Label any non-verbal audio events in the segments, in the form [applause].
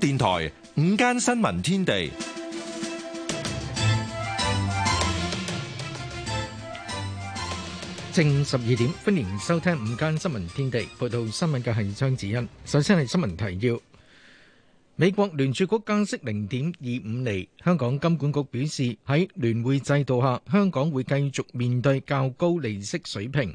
電台午間新聞天地，正午十二點，歡迎收聽午間新聞天地。報道新聞嘅係張子欣。首先係新聞提要：美國聯儲局加息零點二五厘。香港金管局表示，喺聯會制度下，香港會繼續面對較高利息水平。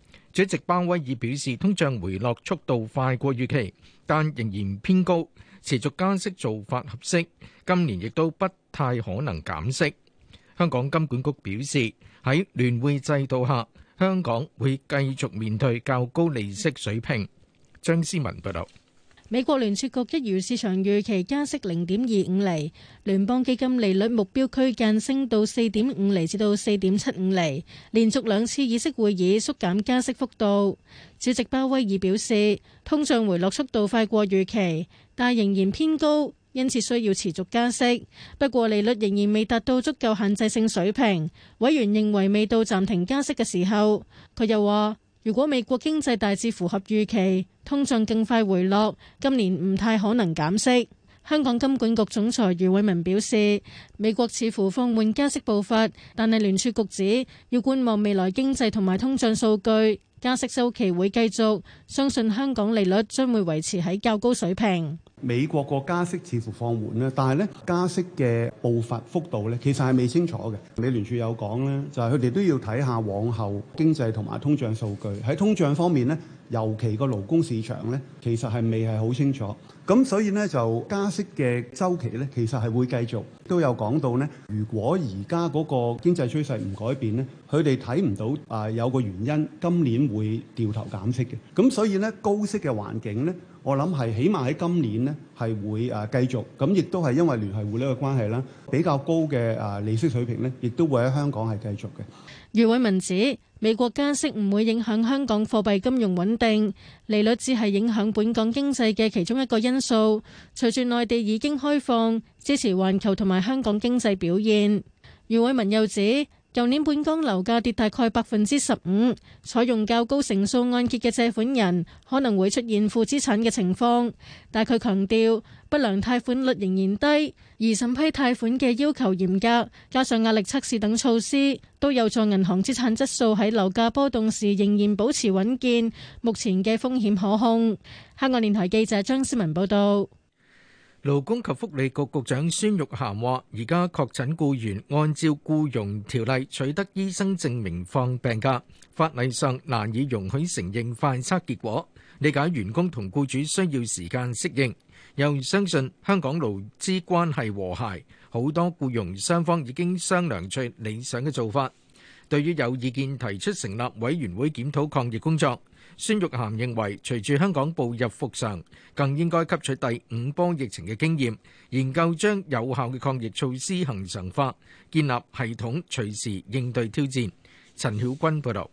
主席鮑威爾表示，通脹回落速度快過預期，但仍然偏高，持續加息做法合適，今年亦都不太可能減息。香港金管局表示，喺聯匯制度下，香港會繼續面對較高利息水平。張思文報道。美國聯儲局一如市場預期加息0.25厘，聯邦基金利率目標區間升到4.5厘至4.75厘，連續兩次議息會議縮減加息幅度。主席鮑威爾表示，通脹回落速度快過預期，但仍然偏高，因此需要持續加息，不過利率仍然未達到足夠限制性水平，委員認為未到暫停加息嘅時候，佢又話，如果美國經濟大致符合預期，通脹更快回落，今年唔太可能減息。香港金管局總裁余偉文表示，美國似乎放緩加息步伐，但係聯儲局指要觀望未來經濟同埋通脹數據，加息週期會繼續，相信香港利率將會維持喺較高水平。美國個加息似乎放緩咧，但係咧加息嘅步伐幅度咧，其實係未清楚嘅。美聯儲有講咧，就係佢哋都要睇下往後經濟同埋通脹數據。喺通脹方面咧。尤其個勞工市場咧，其實係未係好清楚，咁所以咧就加息嘅週期咧，其實係會繼續。都有講到咧，如果而家嗰個經濟趨勢唔改變咧，佢哋睇唔到啊有個原因，今年會掉頭減息嘅。咁所以咧高息嘅環境咧，我諗係起碼喺今年咧係會啊繼續。咁亦都係因為聯繫匯率嘅關係啦，比較高嘅啊利息水平咧，亦都會喺香港係繼續嘅。余偉民指，美國加息唔會影響香港貨幣金融穩定，利率只係影響本港經濟嘅其中一個因素。隨住內地已經開放，支持環球同埋香港經濟表現。余偉文又指，舊年本港樓價跌大概百分之十五，採用較高成數按揭嘅借款人可能會出現負資產嘅情況，但佢強調。不良貸款率仍然低，而審批貸款嘅要求嚴格，加上壓力測試等措施，都有助銀行資產質素喺樓價波動時仍然保持穩健。目前嘅風險可控。香港電台記者張思文報道。勞工及福利局局長孫玉菡話，而家確診僱員按照僱傭條例取得醫生證明放病假，法例上難以容許承認快測結果。理解員工同僱主需要時間適應。又相信香港勞資關係和諧，好多僱傭雙方已經商量最理想嘅做法。對於有意見提出成立委員會檢討抗疫工作，孫玉涵認為隨住香港步入復常，更應該吸取第五波疫情嘅經驗，研究將有效嘅抗疫措施恆常化，建立系統，隨時應對挑戰。陳曉君報道。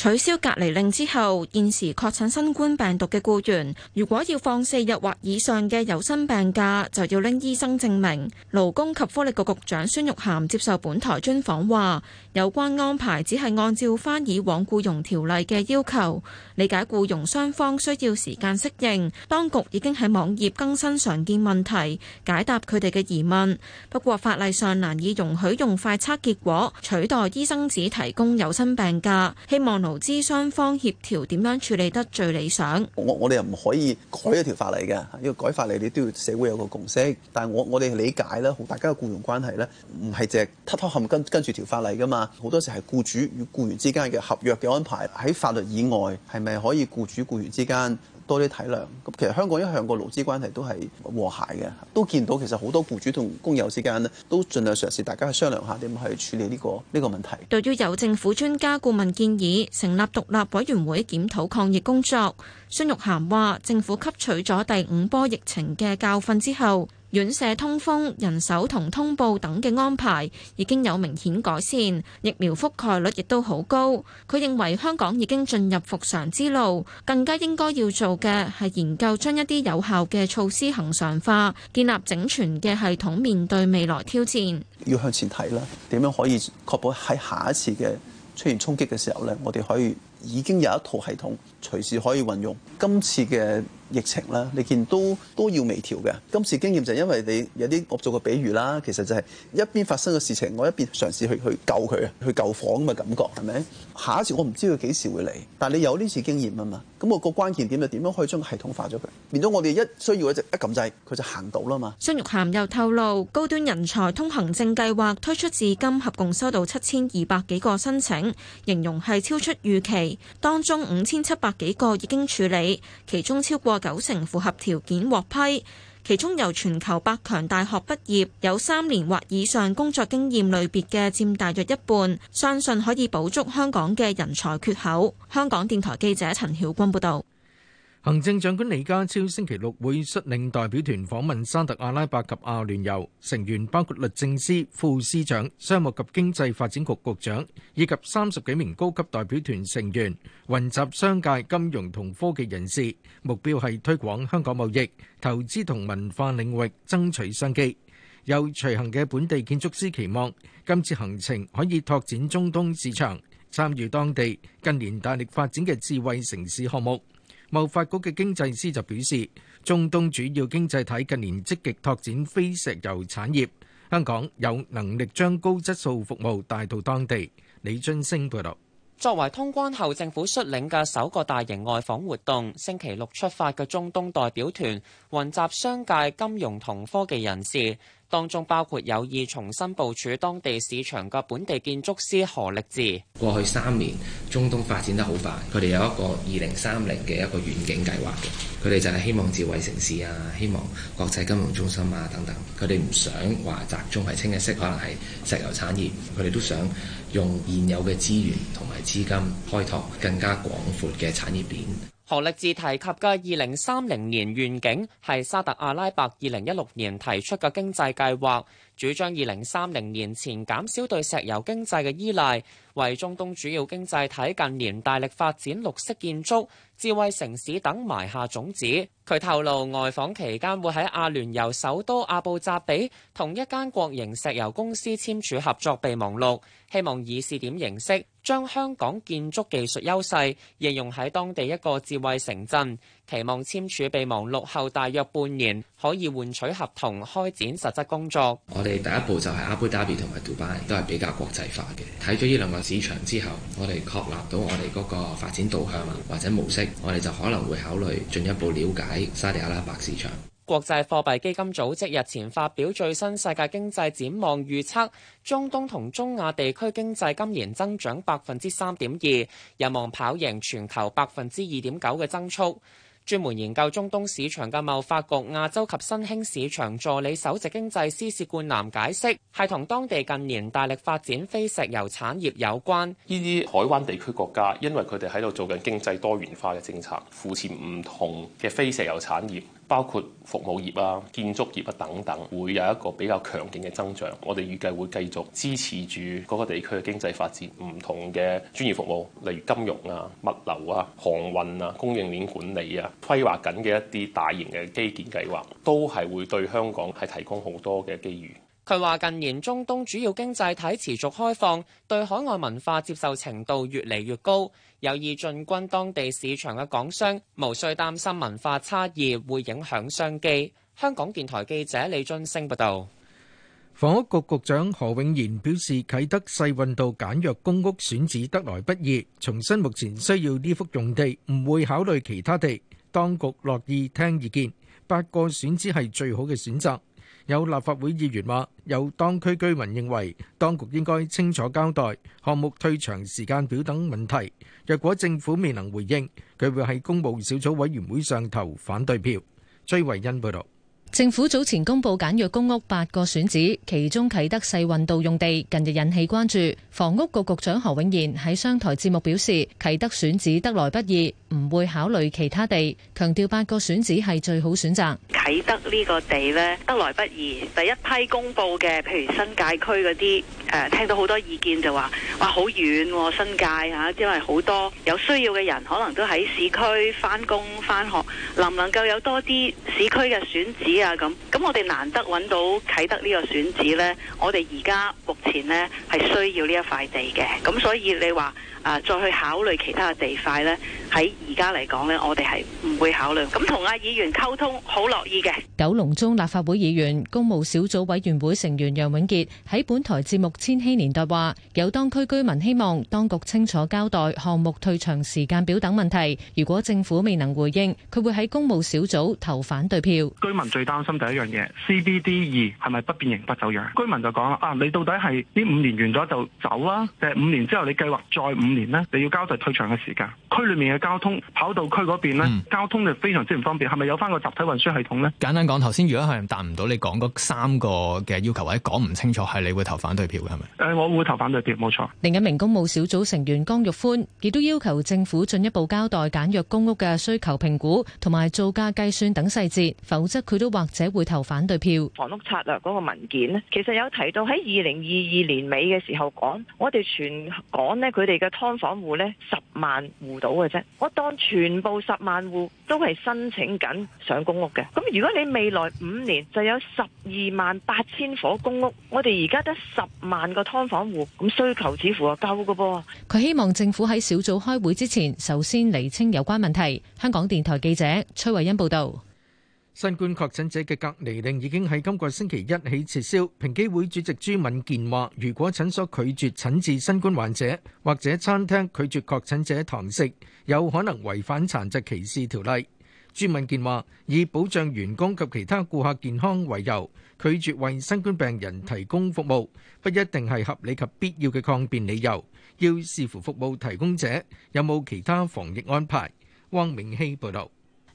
取消隔離令之後，現時確診新冠病毒嘅僱員，如果要放四日或以上嘅有薪病假，就要拎醫生證明。勞工及福利局局長孫玉菡接受本台專訪話。有關安排只係按照翻以往僱傭條例嘅要求，理解僱傭雙方需要時間適應。當局已經喺網頁更新常見問題，解答佢哋嘅疑問。不過法例上難以容許用快測結果取代醫生紙提供有薪病假。希望勞資雙方協調點樣處理得最理想。我我哋又唔可以改一條法例嘅，因為改法例你都要社會有個共識。但係我我哋理解咧，同大家嘅僱傭關係呢唔係淨係吞吞含跟跟住條法例噶嘛。好多時係僱主與僱員之間嘅合約嘅安排喺法律以外，係咪可以僱主僱員之間多啲體諒？咁其實香港一向個勞資關係都係和諧嘅，都見到其實好多僱主同工友之間呢，都盡量嘗試大家去商量下點去處理呢個呢個問題。對於有政府專家顧問建議成立獨立委員會檢討抗疫工作，孫玉菡話：政府吸取咗第五波疫情嘅教訓之後，院舍通風、人手同通報等嘅安排已經有明顯改善，疫苗覆蓋率亦都好高。佢認為香港已經進入復常之路，更加應該要做嘅係研究將一啲有效嘅措施恒常化，建立整全嘅系統面對未來挑戰。要向前睇啦，點樣可以確保喺下一次嘅出現衝擊嘅時候咧，我哋可以已經有一套系統隨時可以運用。今次嘅疫情啦，你見都都要微調嘅。今次經驗就係因為你，你有啲，我做個比喻啦，其實就係一邊發生嘅事情，我一邊嘗試去去救佢，去救房咁嘅感覺，係咪？下一次我唔知佢幾時會嚟，但係你有呢次經驗啊嘛。咁我個關鍵點係點樣可以將系統化咗佢，變咗我哋一需要一直一撳掣，佢就行到啦嘛。孫玉菡又透露，高端人才通行證計劃推出至今合共收到七千二百幾個申請，形容係超出預期。當中五千七百幾個已經處理，其中超過九成符合條件獲批，其中由全球百強大學畢業，有三年或以上工作經驗類別嘅佔大約一半，相信可以補足香港嘅人才缺口。香港電台記者陳曉君報道。行政長官李家超星期六會率領代表團訪問沙特阿拉伯及阿聯酋，成員包括律政司副司長、商務及經濟發展局局長以及三十幾名高級代表團成員，雲集商界、金融同科技人士，目標係推廣香港貿易、投資同文化領域，爭取商機。有隨行嘅本地建築師期望今次行程可以拓展中東市場，參與當地近年大力發展嘅智慧城市項目。貿發局嘅經濟師就表示，中東主要經濟體近年積極拓展非石油產業，香港有能力將高質素服務帶到當地。李津星報導。作為通關後政府率領嘅首個大型外訪活動，星期六出發嘅中東代表團雲集商界、金融同科技人士。當中包括有意重新部署當地市場嘅本地建築師何力智。過去三年，中東發展得好快，佢哋有一個二零三零嘅一個遠景計劃。佢哋就係希望智慧城市啊，希望國際金融中心啊等等，佢哋唔想話集中係清一色，可能係石油產業，佢哋都想用現有嘅資源同埋資金開拓更加廣闊嘅產業鏈。何力智提及嘅二零三零年願景係沙特阿拉伯二零一六年提出嘅經濟計劃，主張二零三零年前減少對石油經濟嘅依賴，為中東主要經濟體近年大力發展綠色建築、智慧城市等埋下種子。佢透露外訪期間會喺阿聯酋首都阿布扎比同一間國營石油公司簽署合作備忘錄，希望以試點形式，將香港建築技術優勢應用喺當地一個智慧城鎮，期望簽署備忘錄後大約半年可以換取合同，開展實質工作。我哋第一步就係阿布達比同埋杜拜都係比較國際化嘅。睇咗呢兩個市場之後，我哋確立到我哋嗰個發展導向或者模式，我哋就可能會考慮進一步了解沙地阿拉伯市場。國際貨幣基金組織日前發表最新世界經濟展望預測，中東同中亞地區經濟今年增長百分之三點二，有望跑贏全球百分之二點九嘅增速。專門研究中東市場嘅貿發局亞洲及新興市場助理首席經濟師薛冠南解釋，係同當地近年大力發展非石油產業有關。呢啲海灣地區國家因為佢哋喺度做緊經濟多元化嘅政策，扶持唔同嘅非石油產業。包括服務業啊、建築業啊等等，會有一個比較強勁嘅增長。我哋預計會繼續支持住各個地區嘅經濟發展。唔同嘅專業服務，例如金融啊、物流啊、航運啊、供應鏈管理啊，規劃緊嘅一啲大型嘅基建計劃，都係會對香港係提供好多嘅機遇。佢話：近年中東主要經濟體持續開放，對海外文化接受程度越嚟越高，有意進軍當地市場嘅港商無需擔心文化差異會影響商機。香港電台記者李津升報道，房屋局局長何永賢表示：啟德世運道簡約公屋選址得來不易，重申目前需要呢幅用地，唔會考慮其他地。當局樂意聽意見，八個選址係最好嘅選擇。有立法會議員話，有當區居民認為當局應該清楚交代項目退場時間表等問題。若果政府未能回應，佢會喺公務小組委員會上投反對票。崔維恩報道。政府早前公布簡約公屋八個選址，其中啟德世運道用地近日引起關注。房屋局局長何永賢喺商台節目表示，啟德選址得來不易，唔會考慮其他地，強調八個選址係最好選擇。啟德呢個地咧得來不易，第一批公布嘅，譬如新界區嗰啲。誒，聽到好多意見就話，哇，好遠、啊、新界嚇、啊，因為好多有需要嘅人可能都喺市區返工返學，能唔能夠有多啲市區嘅選址啊？咁咁，我哋難得揾到啟德呢個選址呢，我哋而家目前呢係需要呢一塊地嘅，咁所以你話啊，再去考慮其他嘅地塊呢？喺而家嚟講呢，我哋係唔會考慮。咁同阿議員溝通好樂意嘅。九龍中立法會議員、公務小組委員會成員楊永傑喺本台節目。千禧年代話有當區居民希望當局清楚交代項目退場時間表等問題。如果政府未能回應，佢會喺公務小組投反對票。居民最擔心第一樣嘢，CBD 二係咪不變形不走樣？居民就講啊，你到底係呢五年完咗就走啦，啊？定係五年之後你計劃再五年呢？你要交代退場嘅時間。區裏面嘅交通跑道區嗰邊呢，交通就非常之唔方便。係咪有翻個集體運輸系統呢？簡單講，頭先如果係答唔到你講嗰三個嘅要求，或者講唔清楚，係你會投反對票？誒、嗯，我會投反對票，冇錯。另一名公務小組成員江玉歡亦都要求政府進一步交代簡約公屋嘅需求評估同埋造價計算等細節，否則佢都或者會投反對票。房屋策略嗰個文件呢，其實有提到喺二零二二年尾嘅時候講，我哋全港呢，佢哋嘅㓥房戶呢，十萬戶到嘅啫，我當全部十萬戶。都係申請緊上公屋嘅，咁如果你未來五年就有十二萬八千伙公屋，我哋而家得十萬個劏房戶，咁需求似乎啊夠㗎噃。佢希望政府喺小組開會之前，首先釐清有關問題。香港電台記者崔慧欣報道。新冠確診者嘅隔離令已經喺今個星期一起撤銷。平機會主席朱敏健話，如果診所拒絕診治新冠患者，或者餐廳拒絕確診者堂食，有可能違反殘疾歧視條例。朱敏健話，以保障員工及其他顧客健康為由，拒絕為新冠病人提供服務，不一定係合理及必要嘅抗辯理由。要視乎服務提供者有冇其他防疫安排。汪明希報導。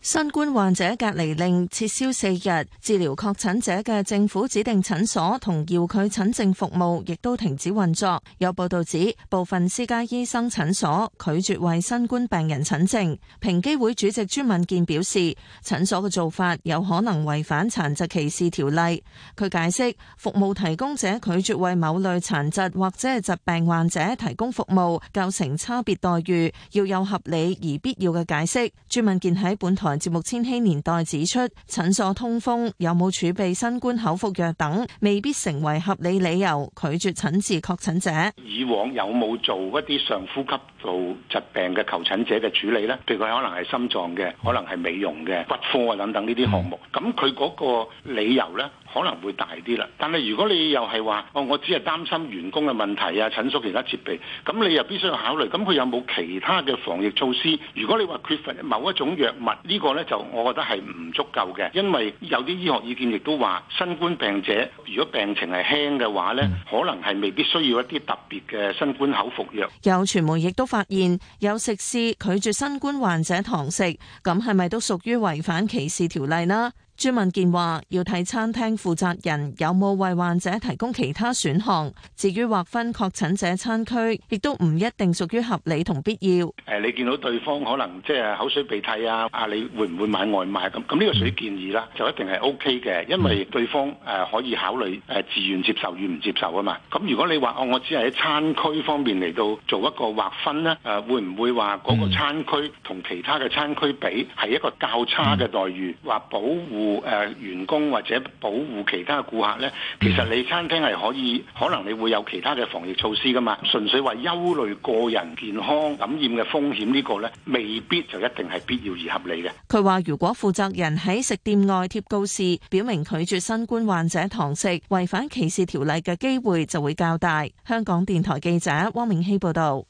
新冠患者隔離令撤銷四日，治療確診者嘅政府指定診所同遙距診症服務亦都停止運作。有報道指部分私家醫生診所拒絕為新冠病人診症。平機會主席朱敏健表示，診所嘅做法有可能違反殘疾歧視條例。佢解釋，服務提供者拒絕為某類殘疾或者係疾病患者提供服務，構成差別待遇，要有合理而必要嘅解釋。朱敏健喺本台。節目《千禧年代》指出，診所通風有冇儲備新冠口服藥等，未必成為合理理由拒絕診治確診者。以往有冇做一啲上呼吸道疾病嘅求診者嘅處理咧？譬如可能係心臟嘅，可能係美容嘅，骨科啊等等呢啲項目。咁佢嗰個理由咧，可能會大啲啦。但係如果你又係話哦，我只係擔心員工嘅問題啊，診所其他設備，咁你又必須要考慮。咁佢有冇其他嘅防疫措施？如果你話缺乏某一種藥物呢？個咧就，我覺得係唔足夠嘅，因為有啲醫學意見亦都話，新冠病者如果病情係輕嘅話咧，可能係未必需要一啲特別嘅新冠口服藥。 [noise] 有傳媒亦都發現，有食肆拒絕新冠患者堂食，咁係咪都屬於違反歧視條例呢？朱文健話：要睇餐廳負責人有冇為患者提供其他選項？至於劃分確診者餐區，亦都唔一定屬於合理同必要。誒、呃，你見到對方可能即係口水鼻涕啊，啊，你會唔會買外賣咁？咁呢個屬於建議啦，就一定係 OK 嘅，因為對方誒可以考慮誒自願接受與唔接受啊嘛。咁如果你話哦，我只係喺餐區方面嚟到做一個劃分咧，誒、啊，會唔會話嗰個餐區同其他嘅餐區比係一個較差嘅待遇或保護？護誒員工或者保護其他顧客咧，其實你餐廳係可以，可能你會有其他嘅防疫措施噶嘛。純粹話憂慮個人健康感染嘅風險呢個咧，未必就一定係必要而合理嘅。佢話如果負責人喺食店外貼告示，表明拒絕新冠患者堂食，違反歧視條例嘅機會就會較大。香港電台記者汪明希報道。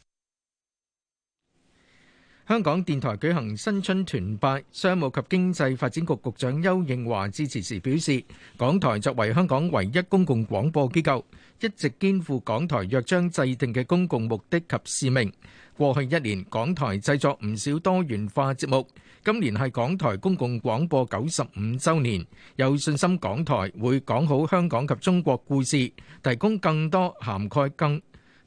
香港電台舉行新春團拜，商務及經濟發展局局長邱應華致辭時表示，港台作為香港唯一公共廣播機構，一直肩負港台約章制定嘅公共目的及使命。過去一年港台製作唔少多元化節目，今年係港台公共廣播九十五周年，有信心港台會講好香港及中國故事，提供更多涵蓋更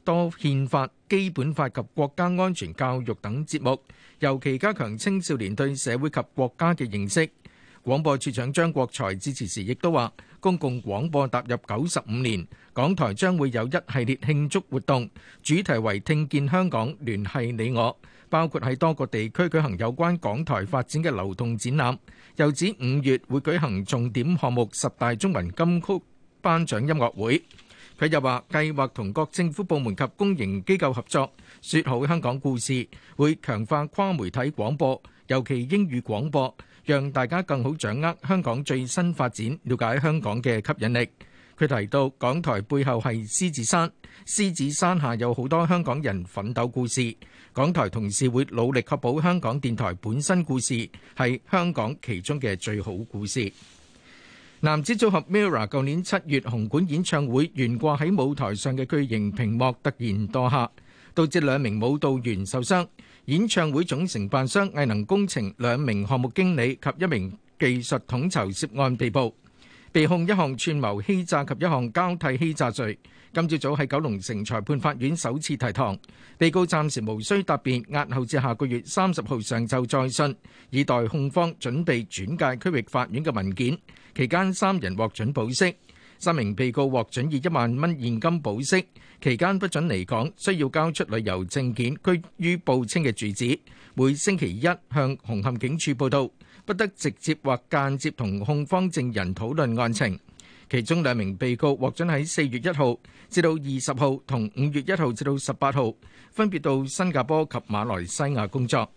多憲法、基本法及國家安全教育等節目，尤其加強青少年對社會及國家嘅認識。廣播處長張國財致辭時亦都話，公共廣播踏入九十五年，港台將會有一系列慶祝活動，主題為「聽見香港，聯繫你我」，包括喺多個地區舉行有關港台發展嘅流動展覽。又指五月會舉行重點項目十大中文金曲頒獎音樂會。佢又話：計劃同各政府部門及公營機構合作，説好香港故事，會強化跨媒體廣播，尤其英語廣播，讓大家更好掌握香港最新發展，了解香港嘅吸引力。佢提到港台背後係獅子山，獅子山下有好多香港人奮鬥故事。港台同事會努力確保香港電台本身故事，係香港其中嘅最好故事。男子組合 MIRROR 舊年七月紅館演唱會，懸掛喺舞台上嘅巨型屏幕突然墮下，導致兩名舞蹈員受傷。演唱會總承辦商藝能工程兩名項目經理及一名技術統籌涉案被捕。被控一項串謀欺詐及一項交替欺詐罪。今朝早喺九龍城裁判法院首次提堂，被告暫時無需答辯，押後至下個月三十號上晝再訊，以待控方準備轉介區域法院嘅文件。期間三人獲准保釋，三名被告獲准以一萬蚊現金保釋，期間不准離港，需要交出旅遊證件，居於報稱嘅住址，每星期一向紅磡警署報到。不得直接或間接同控方證人討論案情。其中兩名被告獲准喺四月一號至到二十號，同五月一號至到十八號分別到新加坡及馬來西亞工作。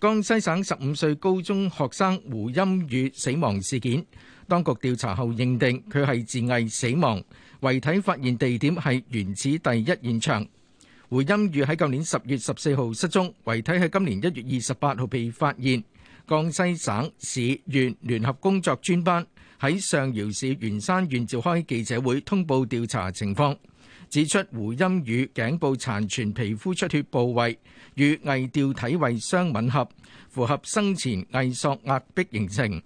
江西省十五歲高中學生胡音宇死亡事件，當局調查後認定佢係自縊死亡。遺體發現地點係原始第一現場。胡音宇喺舊年十月十四號失蹤，遺體喺今年一月二十八號被發現。江西省市縣聯合工作專班喺上饒市鉛山縣召開記者會通報調查情況，指出胡鑫宇頸部殘存皮膚出血部位與縊吊體位相吻合，符合生前縊索壓迫形成。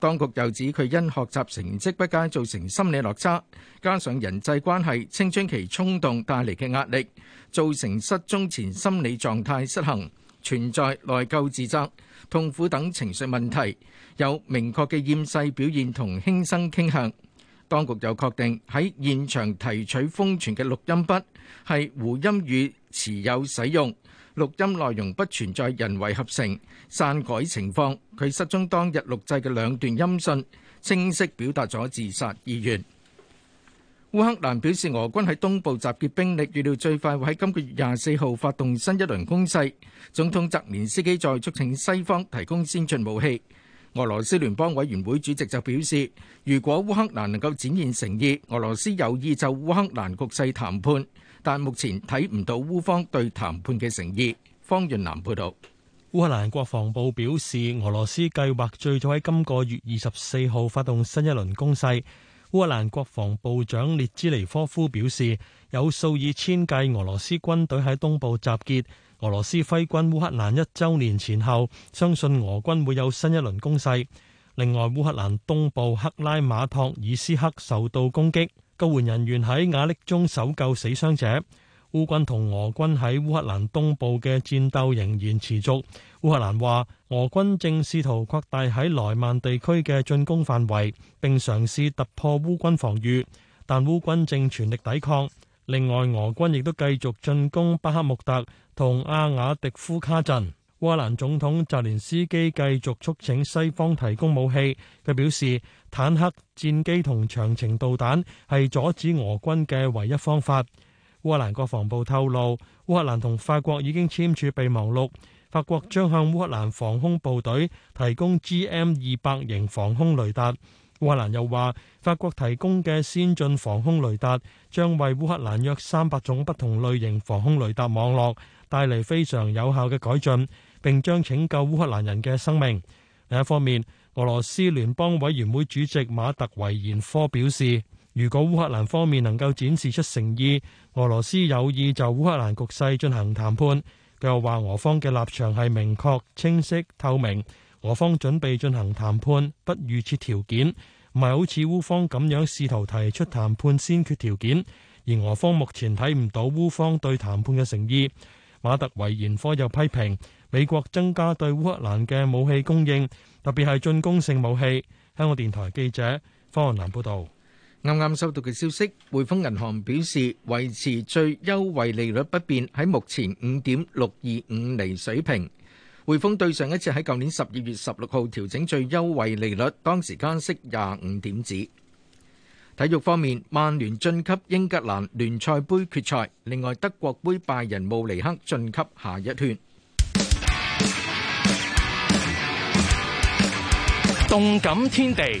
當局又指佢因學習成績不佳造成心理落差，加上人際關係、青春期衝動帶嚟嘅壓力，造成失蹤前心理狀態失衡，存在內疚、自責、痛苦等情緒問題，有明確嘅厭世表現同輕生傾向。當局又確定喺現場提取封存嘅錄音筆係胡鑫宇持有使用，錄音內容不存在人為合成、篡改情況。佢失蹤當日錄製嘅兩段音訊，清晰表達咗自殺意願。烏克蘭表示，俄軍喺東部集結兵力，預料最快會喺今個月廿四號發動新一輪攻勢。總統澤連斯基再促請西方提供先進武器。俄羅斯聯邦委員會主席就表示，如果烏克蘭能夠展現誠意，俄羅斯有意就烏克蘭局勢談判，但目前睇唔到烏方對談判嘅誠意。方潤南報道。烏克蘭國防部表示，俄羅斯計劃最早喺今個月二十四號發動新一輪攻勢。烏克蘭國防部長列茲尼科夫表示，有數以千計俄羅斯軍隊喺東部集結。俄羅斯揮軍烏克蘭一周年前後，相信俄軍會有新一輪攻勢。另外，烏克蘭東部克拉馬托爾斯克受到攻擊，救援人員喺瓦礫中搜救死傷者。烏軍同俄軍喺烏克蘭東部嘅戰鬥仍然持續。烏克蘭話，俄軍正試圖擴大喺萊曼地區嘅進攻範圍，並嘗試突破烏軍防禦，但烏軍正全力抵抗。另外，俄軍亦都繼續進攻巴克穆特同阿瓦迪夫卡鎮。烏克蘭總統澤連斯基繼續促請西方提供武器，佢表示，坦克、戰機同長程導彈係阻止俄軍嘅唯一方法。烏克蘭國防部透露，烏克蘭同法國已經簽署備忘錄。法國將向烏克蘭防空部隊提供 GM200 型防空雷達。烏克蘭又話，法國提供嘅先進防空雷達將為烏克蘭約三百種不同類型防空雷達網絡帶嚟非常有效嘅改進，並將拯救烏克蘭人嘅生命。另一方面，俄羅斯聯邦委員會主席馬特維延科表示，如果烏克蘭方面能夠展示出誠意，俄羅斯有意就烏克蘭局勢進行談判。佢又話：俄方嘅立場係明確、清晰、透明。俄方準備進行談判，不預設條件，唔係好似烏方咁樣試圖提出談判先決條件。而俄方目前睇唔到烏方對談判嘅誠意。馬特維延科又批評美國增加對烏克蘭嘅武器供應，特別係進攻性武器。香港電台記者方雲南報道。啱啱收到嘅消息，匯豐銀行表示維持最優惠利率不變，喺目前五點六二五厘水平。匯豐對上一次喺舊年十二月十六號調整最優惠利率，當時加息廿五點子。體育方面，曼聯晉級英格蘭聯賽盃決賽，另外德國盃拜仁慕尼黑晉級下一圈。動感天地。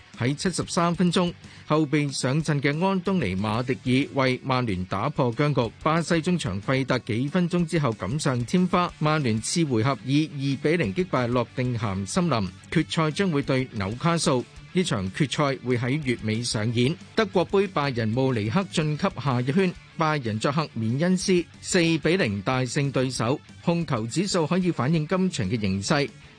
喺七十三分鐘後備上陣嘅安東尼馬迪爾為曼聯打破僵局。巴西中場費達幾分鐘之後錦上添花。曼聯次回合以二比零擊敗諾定咸森林。決賽將會對紐卡素。呢場決賽會喺月尾上演。德國杯拜仁慕尼黑晉級下一圈。拜仁作客緬恩斯四比零大勝對手。控球指數可以反映今場嘅形勢。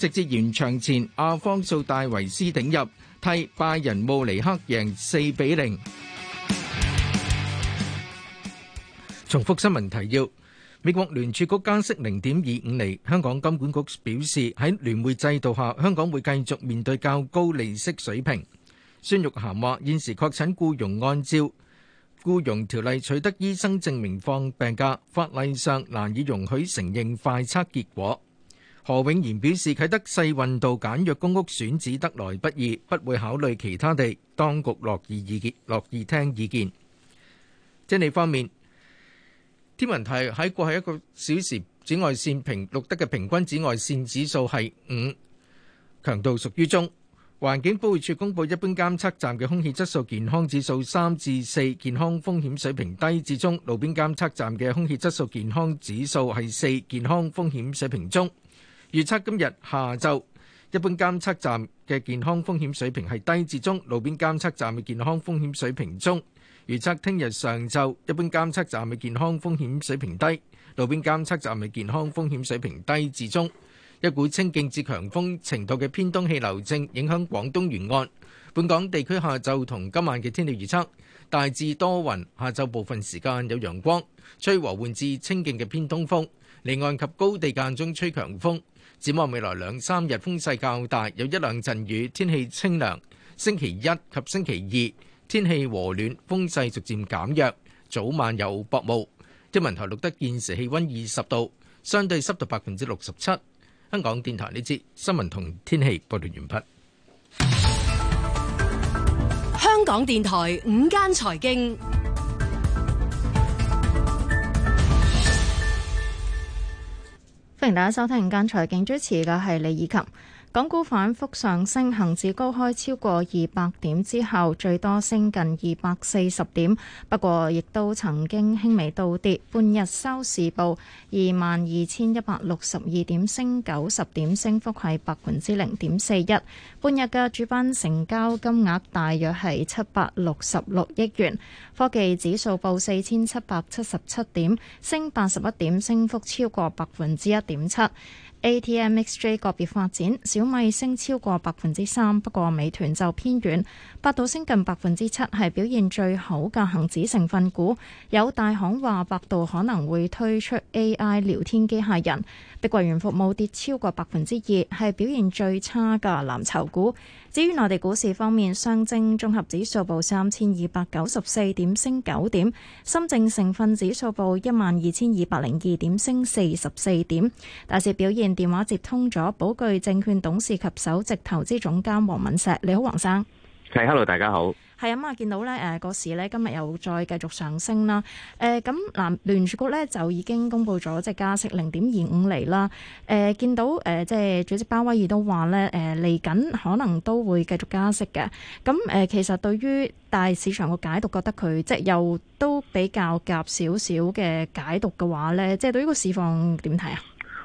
直至延長前，阿方素戴維斯頂入替拜仁慕尼黑，贏四比零。重複新聞提要：美國聯儲局加息零點二五釐，香港金管局表示喺聯會制度下，香港會繼續面對較高利息水平。孫玉涵話：現時確診僱傭按照僱傭條例取得醫生證明放病假，法例上難以容許承認快測結果。何永賢表示，啟德世運道簡約公屋選址得來不易，不會考慮其他地。當局樂意意見，樂意聽意見。天氣方面，天文台喺過去一個小時紫外線平錄得嘅平均紫外線指數係五，強度屬於中。環境保護署公布一般監測站嘅空氣質素健康指數三至四，健康風險水平低至中；路邊監測站嘅空氣質素健康指數係四，健康風險水平中。預測今日下晝一般監測站嘅健康風險水平係低至中，路邊監測站嘅健康風險水平中。預測聽日上晝一般監測站嘅健康風險水平低，路邊監測站嘅健康風險水平低至中。一股清勁至強風程度嘅偏東氣流正影響廣東沿岸，本港地區下晝同今晚嘅天氣預測大致多雲，下晝部分時間有陽光，吹和緩至清勁嘅偏東風，離岸及高地間中吹強風。展望未來兩三日風勢較大，有一兩陣雨，天氣清涼。星期一及星期二天氣和暖，風勢逐漸減弱，早晚有薄霧。天文台錄得現時氣温二十度，相對濕度百分之六十七。香港電台呢節新聞同天氣報道完畢。香港電台午間財經。歡迎大家收聽《剛才財經主持》，嘅係李以琴。港股反覆上升，恒指高開超過二百點之後，最多升近二百四十點，不過亦都曾經輕微倒跌。半日收市報二萬二千一百六十二點，升九十點，升幅係百分之零點四一。半日嘅主板成交金額大約係七百六十六億元。科技指數報四千七百七十七點，升八十一點，升幅超過百分之一點七。ATMXJ 個別發展，小米升超過百分之三，不過美團就偏軟。百度升近百分之七，係表現最好嘅恒指成分股。有大行話百度可能會推出 AI 聊天機械人。碧桂園服務跌超過百分之二，係表現最差嘅藍籌股。至於內地股市方面，上證綜合指數報三千二百九十四點，升九點；深證成分指數報一萬二千二百零二點，升四十四點。大市表現，電話接通咗，寶鉅證券董事及首席投資總監黃敏石，你好，黃生。係，hello，大家好。係啊嘛，見到咧，誒個市咧今日又再繼續上升啦。誒咁嗱，聯儲局咧就已經公布咗即係加息零點二五厘啦。誒、呃、見到誒即係主席鮑威爾都話咧誒嚟緊可能都會繼續加息嘅。咁、呃、誒其實對於大市場個解讀，覺得佢即係又都比較夾少少嘅解讀嘅話咧，即係對於個市況點睇啊？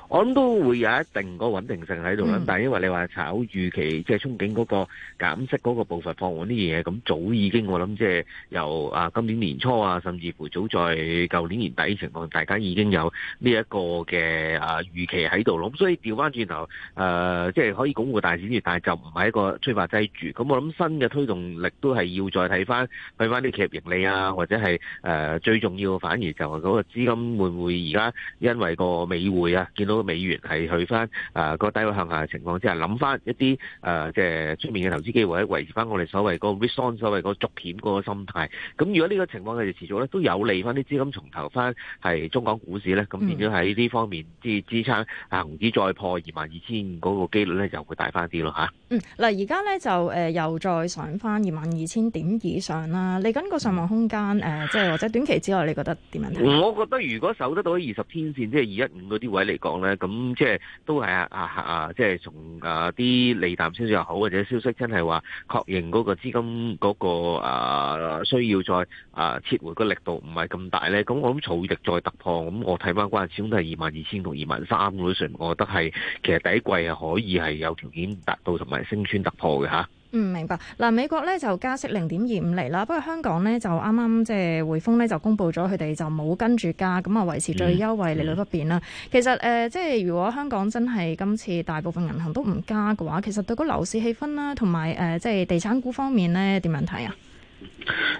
我諗都會有一定個穩定性喺度啦，但係因為你話炒預期，即係憧憬嗰個減息嗰個步伐放緩啲嘢，咁早已經我諗即係由啊今年年初啊，甚至乎早在舊年年底情況，大家已經有呢一個嘅啊預期喺度咯。咁所以調翻轉頭，誒，即係可以鞏固大市，但係就唔係一個催化劑住。咁我諗新嘅推動力都係要再睇翻睇翻啲企業盈利啊，或者係誒最重要反而就係嗰個資金會唔會而家因為個美匯啊見到。個美元係去翻誒個低位向下嘅情況之下，諗翻一啲誒即係出面嘅投資機會，維持翻我哋所謂個 risk-on 所謂個逐險嗰個心態。咁如果呢個情況佢哋持續咧，都有利翻啲資金重投翻係中港股市咧，咁變咗喺呢方面即係支撐恒指再破二萬二千嗰個機率咧，嗯，就會大翻啲咯吓。嗯，嗱而家咧就誒又再上翻二萬二千點以上啦，嚟緊個上行空間誒、嗯呃，即係或者短期之內你覺得點樣睇？我覺得如果守得到二十天線即係二一五嗰啲位嚟講。咁即係都係啊啊啊，即係從啊啲利淡消息又好，或者消息真係話確認嗰個資金嗰個啊需要再啊撤回個力度唔係咁大咧。咁我諗阻力再突破，咁我睇翻翻，始終都係二萬二千同二萬三，我覺得係其實第一季係可以係有條件達到同埋升穿突破嘅嚇。嗯，明白。嗱，美國咧就加息零點二五厘啦，不過香港咧就啱啱即係匯豐咧就公布咗佢哋就冇跟住加，咁啊維持最優惠利率不變啦。嗯嗯、其實誒、呃，即係如果香港真係今次大部分銀行都唔加嘅話，其實對個樓市氣氛啦，同埋誒即係地產股方面咧點樣睇啊？誒、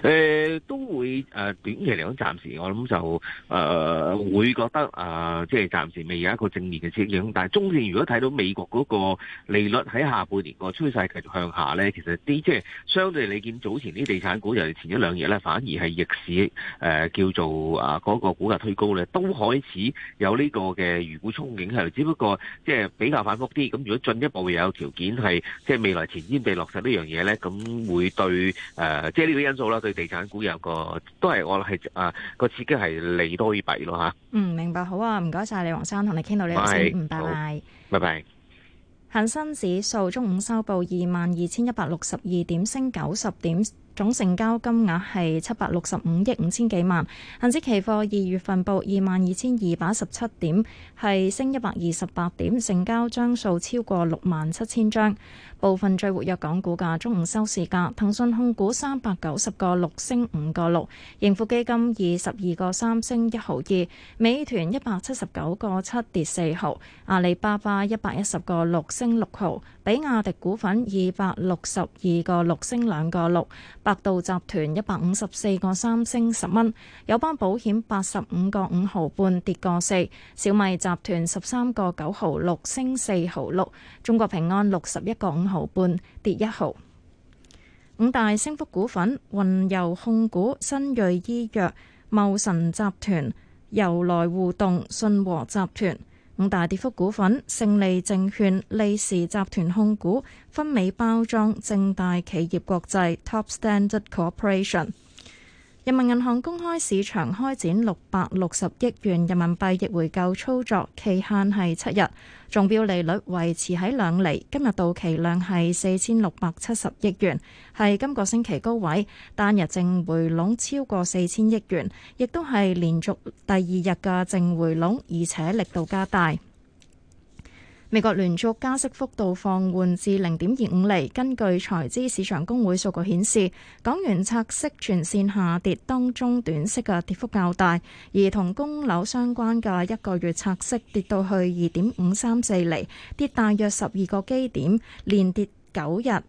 呃，都會誒、呃，短期嚟講，暫時我諗就誒、呃，會覺得啊，即係暫時未有一個正面嘅跡象。但係中線，如果睇到美國嗰個利率喺下半年個趨勢繼續向下咧，其實啲即係相對你見早前啲地產股，尤其前一兩日咧，反而係逆市誒、呃，叫做啊嗰個股價推高咧，都開始有呢個嘅預估憧憬，係只不過即係比較反復啲。咁如果進一步有條件係即係未來前瞻地落實呢樣嘢咧，咁會對誒即係。呃就是呢啲因素啦，對地產股有個都係我係啊個刺激係利多於弊咯嚇。嗯，明白，好啊，唔該晒。李黃生，同你傾到呢啲先，唔該曬。拜拜。恒生指數中午收報二萬二千一百六十二點，升九十點，總成交金額係七百六十五億五千幾萬。恒指期貨二月份報二萬二千二百十七點，係升一百二十八點，成交張數超過六萬七千張。部分最活躍港股價中午收市價騰訊控股三百九十個六升五個六，盈富基金二十二個三升一毫二，美團一百七十九個七跌四毫，阿里巴巴一百一十個六升六毫，比亞迪股份二百六十二個六升兩個六，百度集團一百五十四個三升十蚊，友邦保險八十五個五毫半跌個四，小米集團十三個九毫六升四毫六，中國平安六十一個五。毫半跌一毫。五大升幅股份：雲油控股、新瑞醫藥、茂臣集團、由來互動、信和集團。五大跌幅股份：勝利證券、利時集團控股、分美包裝、正大企業國際、Top Standard Corporation。人民銀行公開市場開展六百六十億元人民幣逆回購操作，期限係七日，中標利率維持喺兩厘。今日到期量係四千六百七十億元，係今個星期高位，單日淨回籠超過四千億元，亦都係連續第二日嘅淨回籠，而且力度加大。美國連續加息幅度放緩至零點二五厘，根據財資市場公會數據顯示，港元拆息全線下跌，當中短息嘅跌幅較大，而同供樓相關嘅一個月拆息跌到去二點五三四厘，跌大約十二個基點，連跌九日。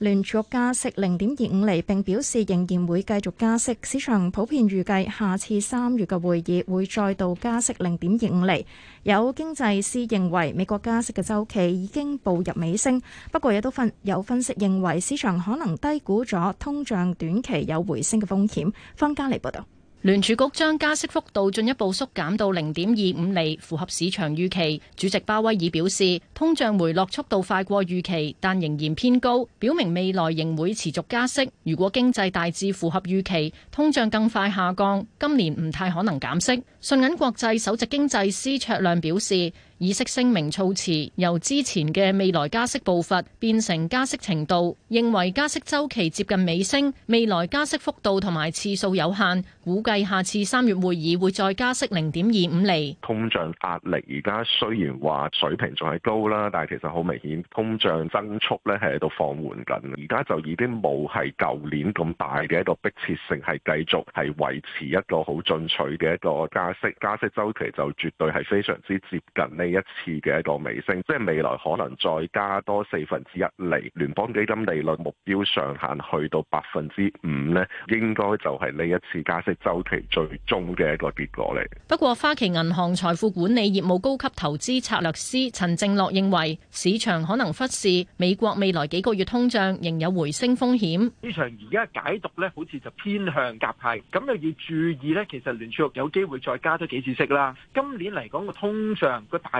連續加息零點二五厘，並表示仍然會繼續加息。市場普遍預計下次三月嘅會議會再度加息零點二五厘。有經濟師認為美國加息嘅周期已經步入尾聲，不過亦都分有分析認為市場可能低估咗通脹短期有回升嘅風險。方嘉莉報道。聯儲局將加息幅度進一步縮減到零點二五厘，符合市場預期。主席鮑威爾表示，通脹回落速度快過預期，但仍然偏高，表明未來仍會持續加息。如果經濟大致符合預期，通脹更快下降，今年唔太可能減息。信銀國際首席經濟師卓亮表示。以息聲明措辭，由之前嘅未來加息步伐變成加息程度，認為加息周期接近尾聲，未來加息幅度同埋次數有限，估計下次三月會議會再加息零點二五厘。通脹壓力而家雖然話水平仲係高啦，但係其實好明顯通脹增速咧係喺度放緩緊，而家就已經冇係舊年咁大嘅一個迫切性，係繼續係維持一個好進取嘅一個加息，加息周期就絕對係非常之接近呢。一次嘅一個微升，即係未來可能再加多四分之一厘，聯邦基金利率目標上限去到百分之五咧，應該就係呢一次加息周期最終嘅一個結果嚟。不過花旗銀行財富管理業務高級投資策略師陳正樂認為，市場可能忽視美國未來幾個月通脹仍有回升風險。呢場而家解讀咧，好似就偏向鴿派，咁又要注意咧，其實聯儲局有機會再加多幾次息啦。今年嚟講個通脹個大。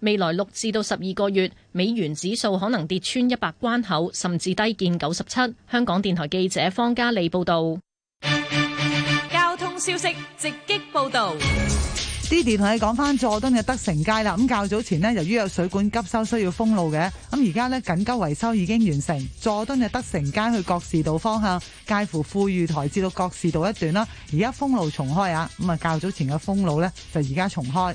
未來六至到十二個月，美元指數可能跌穿一百關口，甚至低見九十七。香港電台記者方嘉莉報道。交通消息直擊報道。Didi 同你講翻佐敦嘅德成街啦。咁較早前咧，由於有水管急修需要封路嘅，咁而家咧緊急維修已經完成。佐敦嘅德成街去各士道方向，介乎富裕台至到各士道一段啦。而家封路重開啊！咁啊，較早前嘅封路呢，就而家重開。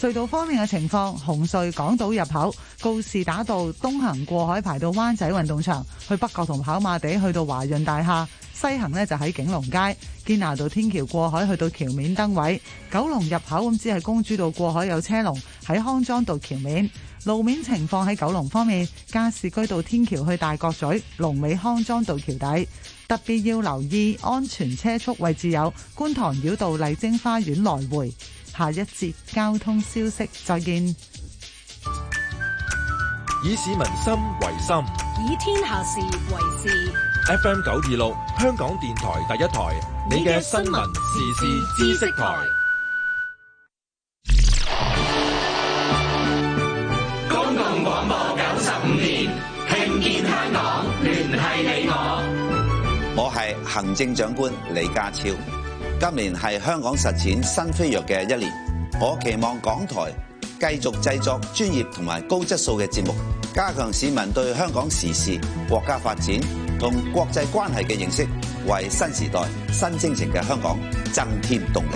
隧道方面嘅情況，紅隧港島入口告士打道東行過海排到灣仔運動場，去北角同跑馬地去到華潤大廈；西行呢就喺景隆街堅拿道天橋過海去到橋面燈位。九龍入口咁只係公主道過海有車龍，喺康莊道橋面路面情況喺九龍方面，加士居道天橋去大角咀龍尾康莊道橋底。特別要留意安全車速位置有觀塘繞道麗晶花園來回。下一節交通消息，再見。以市民心為心，以天下事為事。FM 九二六，香港電台第一台，你嘅新聞時事知識台。公共廣播九十五年，聽見香港，聯繫你我。我係行政長官李家超。今年係香港實踐新飛躍嘅一年，我期望港台繼續製作專業同埋高質素嘅節目，加強市民對香港時事、國家發展同國際關係嘅認識，為新時代新征程嘅香港增添動力。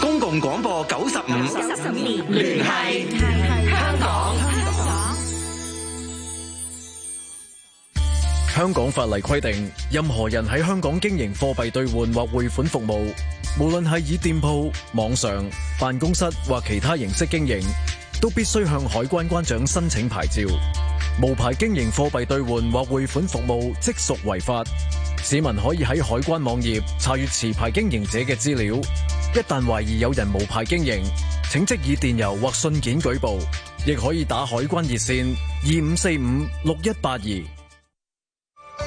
公共廣播九十五年，聯繫香港。香港法例規定，任何人喺香港經營貨幣兌換或匯款服務，無論係以店鋪、網上、辦公室或其他形式經營，都必須向海關關長申請牌照。無牌經營貨幣兌換或匯款服務即屬違法。市民可以喺海關網頁查閱持牌經營者嘅資料。一旦懷疑有人無牌經營，請即以電郵或信件舉報，亦可以打海關熱線二五四五六一八二。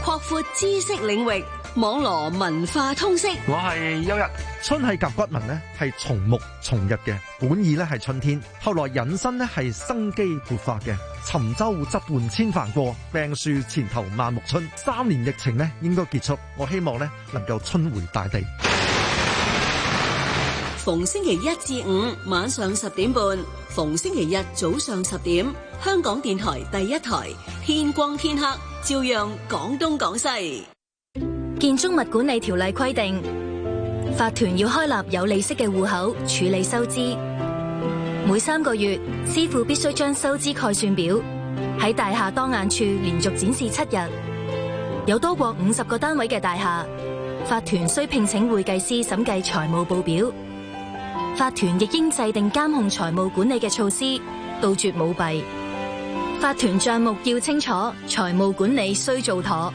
擴闊知識領域，網羅文化通識。我係邱日春，係甲骨文呢係從木從日嘅，本意咧係春天。後來引申呢係生機勃發嘅。沉舟側畔千帆過，病樹前頭萬木春。三年疫情呢應該結束，我希望呢能夠春回大地。逢星期一至五晚上十點半，逢星期日早上十點。香港電台第一台，天光天黑，照樣講東講西。建築物管理條例規定，法團要開立有利息嘅戶口處理收支。每三個月，師傅必須將收支概算表喺大廈當眼處連續展示七日。有多過五十個單位嘅大廈，法團需聘請會計師審計財務報表。法團亦應制定監控財務管理嘅措施，杜絕舞弊。法團賬目要清楚，財務管理須做妥。